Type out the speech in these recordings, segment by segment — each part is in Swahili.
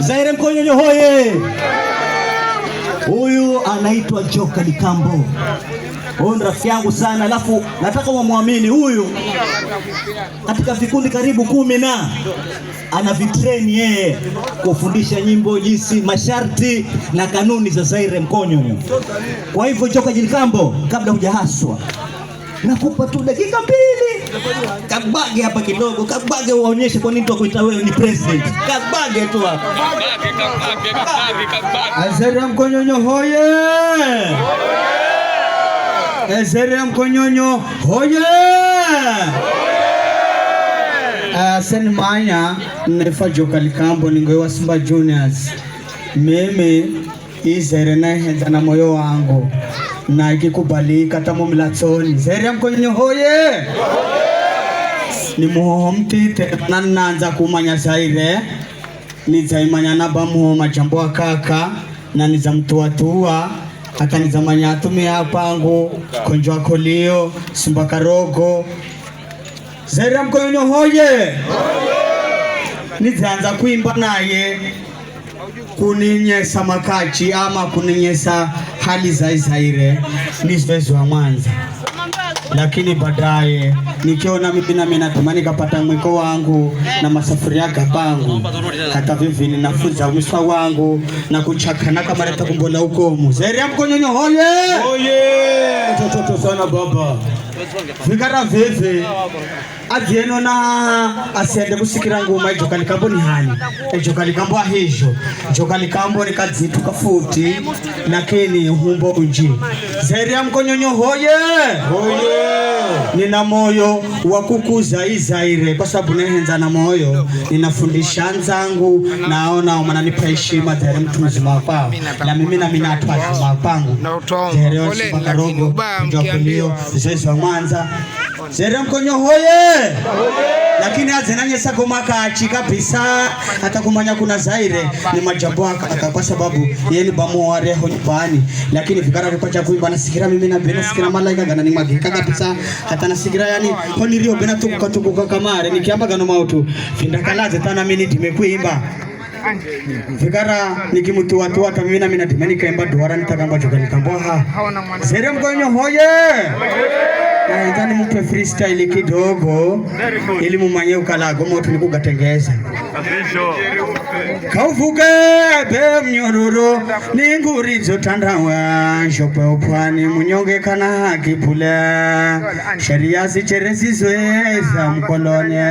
Zaire Mkonyonyo hoye! Huyu anaitwa Joka Likambo. Huyu ni rafiki yangu sana, alafu nataka wamwamini huyu. Katika vikundi karibu kumi na ana vitreni yeye kufundisha nyimbo, jinsi, masharti na kanuni za Zaire Mkonyonyo. Kwa hivyo Joka Likambo, kabla hujahaswa nakupa tu dakika mbili. Kabage hapa kidogo, kabage waonyeshe kwa nini tukuita wewe ni president. Kabage tu hapa. Azera Mkonyonyo hoye! Azera Mkonyonyo hoye! Asani ah, manya nefa jokali kambo ningoiwa Simba Juniors. Mimi izere na na moyo wangu na ikikubalika tamo mlatsoni zeriya mkonyo hoye nimuhoho mtite mana nanza kumanya zaire nizaimanya nabamuhoma jambo wa kaka na niza mtuwatua hata nizamanya atumia pangu konjwa kolio simba karogo zeriya mkonyo hoye nizaanza kuimba naye kuninyesa makachi ama kuninyesa hali za Zaire ni zoezi wa mwanza, lakini baadaye nikiona mimi na mimi natamani kapata mwiko wangu na masafuria kapangu hata vivi ninafunza umisa wangu na kuchakana kama leta kumbola ukomu Zaire mkonyonyo hoye hoye toto sana baba zingara veve avyeno na asende kusikira nguma ijo kalikambo ni hani ijo kalikambo ahijo ijo kalikambo kafuti futi nakini humbo unji zeri amkonyonyo hoye hoye nina moyo wa kukuza izaire kwa sababu nehenza na moyo ninafundisha nzangu naona mananipa heshima zeri mtu mzima wakwao na mimi na minatwa zima wapangu zeri osibakarogo njopilio zezwa kwanza zere mkonyo hoye lakini azenanyesa kumakachi kabisa kumanya kuna zaire ni majabu aka kwa sababu yeni bamuwareho nyumbani lakini vikara vipacha kuimba nasikira mimi na bena sikira malaika gana ni magika kabisa hata nasikira yani honi rio bena tukuka tukuka kamare nikiamba gano mautu finda kalaze tana mini mimi nimekuimba vikara mimi na mina dimani kaimba duwara nitakamba joka nikambwa ha zere mkonyo hoye Naizani eh, mupe freestyle kidogo ili mumanye ukalago moto nikugatengeza kauvuge be mnyororo ni nguri zotandawa shope upwani munyonge kana hakipule sheria sicheresizweza mkolone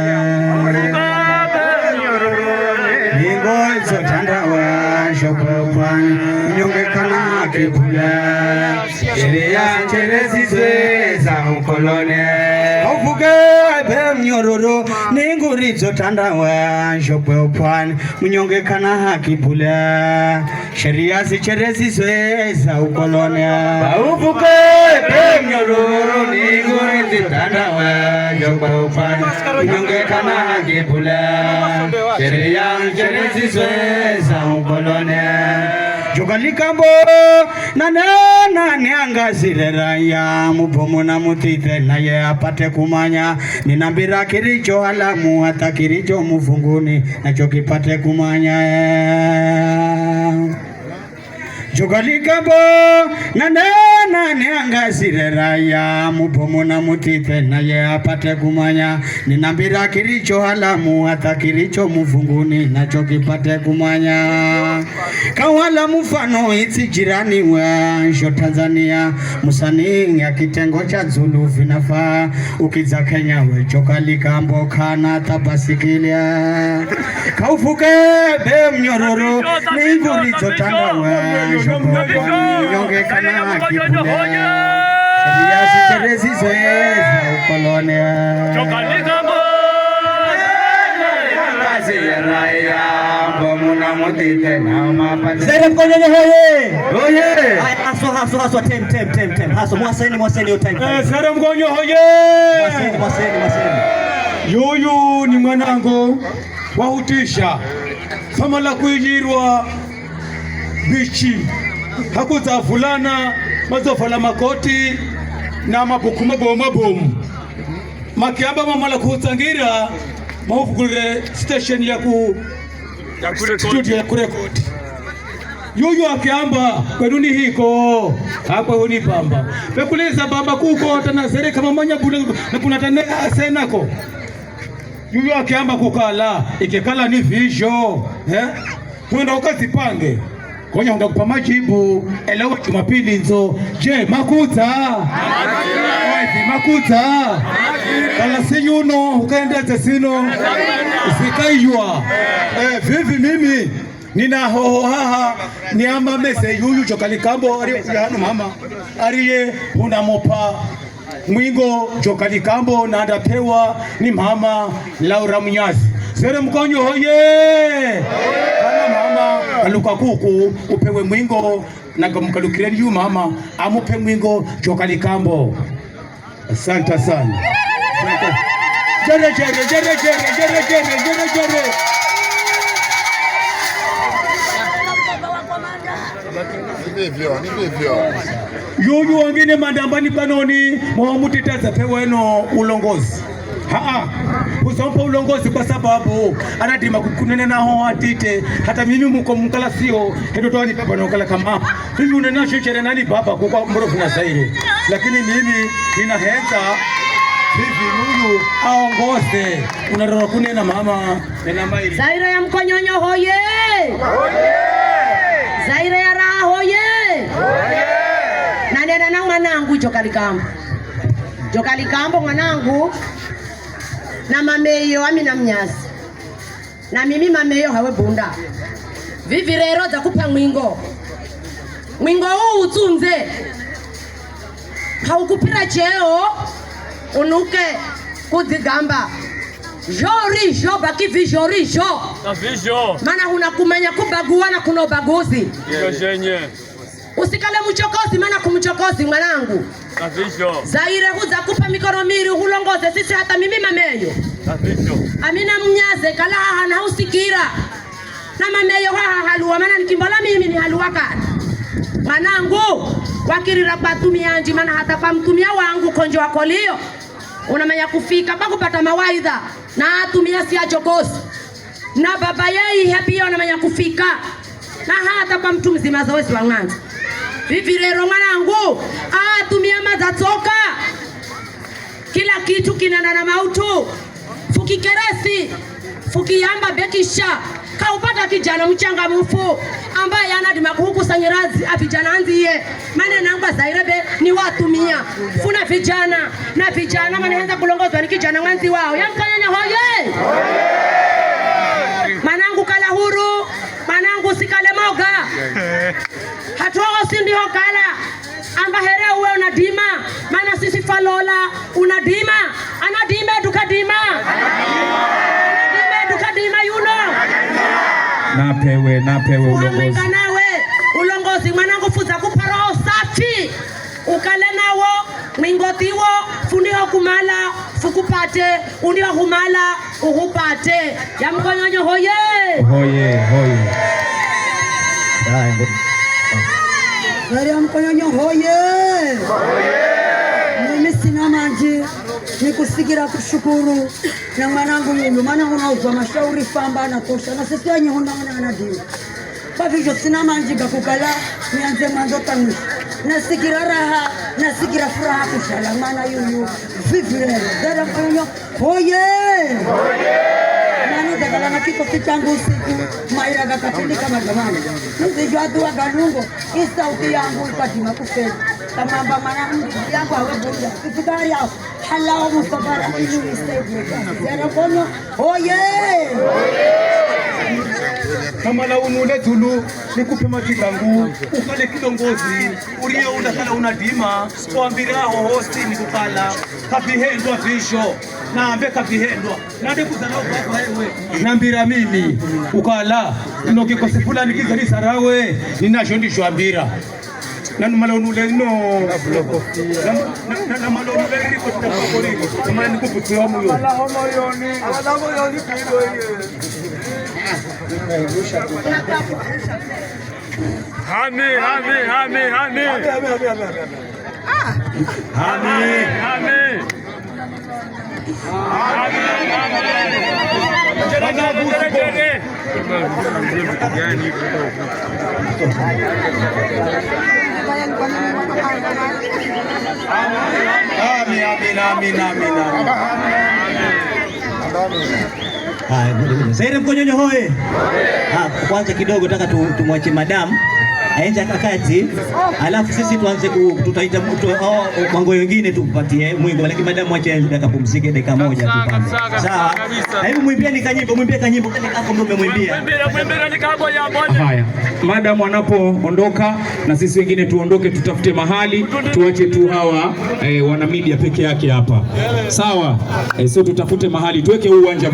ningoidzo tandawa shope upwani munyonge kana hakipule sheria sicheresizwe kolone ovuge abe mnyororo ninguri zotandawa nshokwe upwani mnyonge kana haki bule sheria zicherezizwe za ukolone ovuge abe mnyororo ninguri zotandawa nshokwe upwani mnyonge kana haki bule sheria zicherezizwe za ukolone jogalikabo nanenane angazirera ya mubomo na mutite naye apate kumanya ninambira kiricho alamu hata kiricho mufunguni nacho kipate kumanya jogalikabo nanenane angasirera ya na mutipe naye apate kumanya ninambira kiricho halamu hata kiricho muvunguni nacho kipate kumanya kawala mufano itsi jirani wanjo Tanzania musanii ya kitengo cha Zulu vinafaa ukiza Kenya we jogalikambo kana tabasikilia kaufuke be mnyororo nivurizo wa yuyu ni mwanango wahutisha fama la kuijirwa bichi hakuzavulana mazovala makoti na mabuku mabomu mabomu makiamba mamala kuutsangira maufugulile station ya ku studio ya kurekodi yuyu akiamba kwenu ni hiko hapa huni pamba vekuliza baba kukota na sereka mamanya nakunatane senako yuyu akiamba kukala ikikala ni visho eh? kwenda ukazipange konya ungakupa majibu elewa Jumapili nzo. Je, makuta wapi? makuta kalasiyuno ukaenda tesino sikaiywa eh, vivi mimi nina hoho haha ni ama mese yuyu jokalikambo ariyano mama ariye unamopa mwingo jokalikambo andapewa ni mama Laura Munyazi sere mkonyo hoye mama kuku upewe mwingo nagamkalukile juu mama amupe mwingo kambo asante sana jere jere jere jere jere jere jere jere yuyu wangine mandambani panoni mwamutiteza peweno ulongozi haa kusompa ulongozi kwa sababu anadima kukunene naho atite hata mimi muko mkala sio hedo twani baba nokala kama mimi unena shuchere nani baba kukwa mbro kuna zaire lakini mimi ninahenza hivi Mungu aongoze unarora kunena mama nena zaire ya mkonyonyo hoye hoye zaire ya raha hoye hoye na nena na mwanangu jokalikambo jokalikamba mwanangu na mameyo na mnyazi na mimi mameyo hawe bunda vivi rero kupa mwingo mwingo huu utunze haukupira cheo unuke kudzigamba jori jo baki vijori jo mana hunakumanya kubagua na kuna ubaguzi yeah, yeah. Usikale mchokozi, maana kumchokozi mwanangu. Safisho. Zaire huza kupa mikono miri hulongoze sisi hata mimi mameyo. Safisho. Amina mnyaze kala haha na usikira. Na mameyo haha haluwa maana nikimbola mimi ni haluwa kata Mwanangu wakirira kwa anji maana hata kwa mtumia wangu konjo wako lio. Unamenya kufika pa kupata mawaidha na atumia siya chokozi Na baba yeye pia unamanya kufika. Na hata kwa mtu mzima zoezi wa Vivi lero mwanangu, ah, tumia mazatoka kila kitu kinaenda na mautu. Fuki keresi fuki yamba bekisha kaupata kijana mchangamfu ambaye anadima kukusanyirazi avijana anziye mane nangwa zairebe ni watumia funa vijana na vijana maana kulongozwa ni kijana mwanzi wao yamkanyanya hoye hoga hatoho sindi hogala amba here uwe unadima maana sisi falola unadima anadime dukadima anadime napewe napewe ulongozi nawe ulongozi mwanangu fuza kuparoho safi ukale nawo mwingotiwo fundiho kumala fukupate undiho kumala uhupate yamkonyonyo hoye hoye hoye mkonyonyo hoye! Mimi sina maji nikusikira kushukuru na mwanangu Nyunyu, mwanangu nauzwa mashauri famba anatosha na sisi wenye hunaonanadiwa pavivyo, sina maji gakukala nianze mwanzo tanisha, nasikira raha nasikira furaha kushala mwana yuyu vivirero. Kariamkonyonyo hoye! dagala na kiko kichangu usiku maira gakatindika magamana mzijwadhua galungo isauti yangu ikatima kufeli kamamba mana mdu yangu awebuya itikari yao halao mustabara ili uisaidiezerekono oye kama launule tulu nikupe majikangu ukale kidongozi uriyeunda kala unadima wambiraho hosti nikukala kapihendwa visho nambeka kihendwa nambira mimi ukala inokikosi fulani kizari sarawe ninasho ndishwambira nanumalonuleno namalonulelikotaaaikuvutiwamuyo Hami, hami, Zaire Mkonyonyo hoye! Kwanza kidogo, taka tumwache madamu aende akakati, alafu sisi tuanze tutaita mtu mango oh, wengine tumpatie mwingo, lakini madamu acha yeye akapumzike dakika moja tu pale. Sawa, na hebu ni kanyimbo, mwimbie kanyimbo kale kako ndio umemwimbia. Haya, madamu anapoondoka na sisi wengine tuondoke, tutafute mahali tuache tu hawa eh, wana media peke yake hapa. Sawa, eh, sio tutafute mahali tuweke uwanja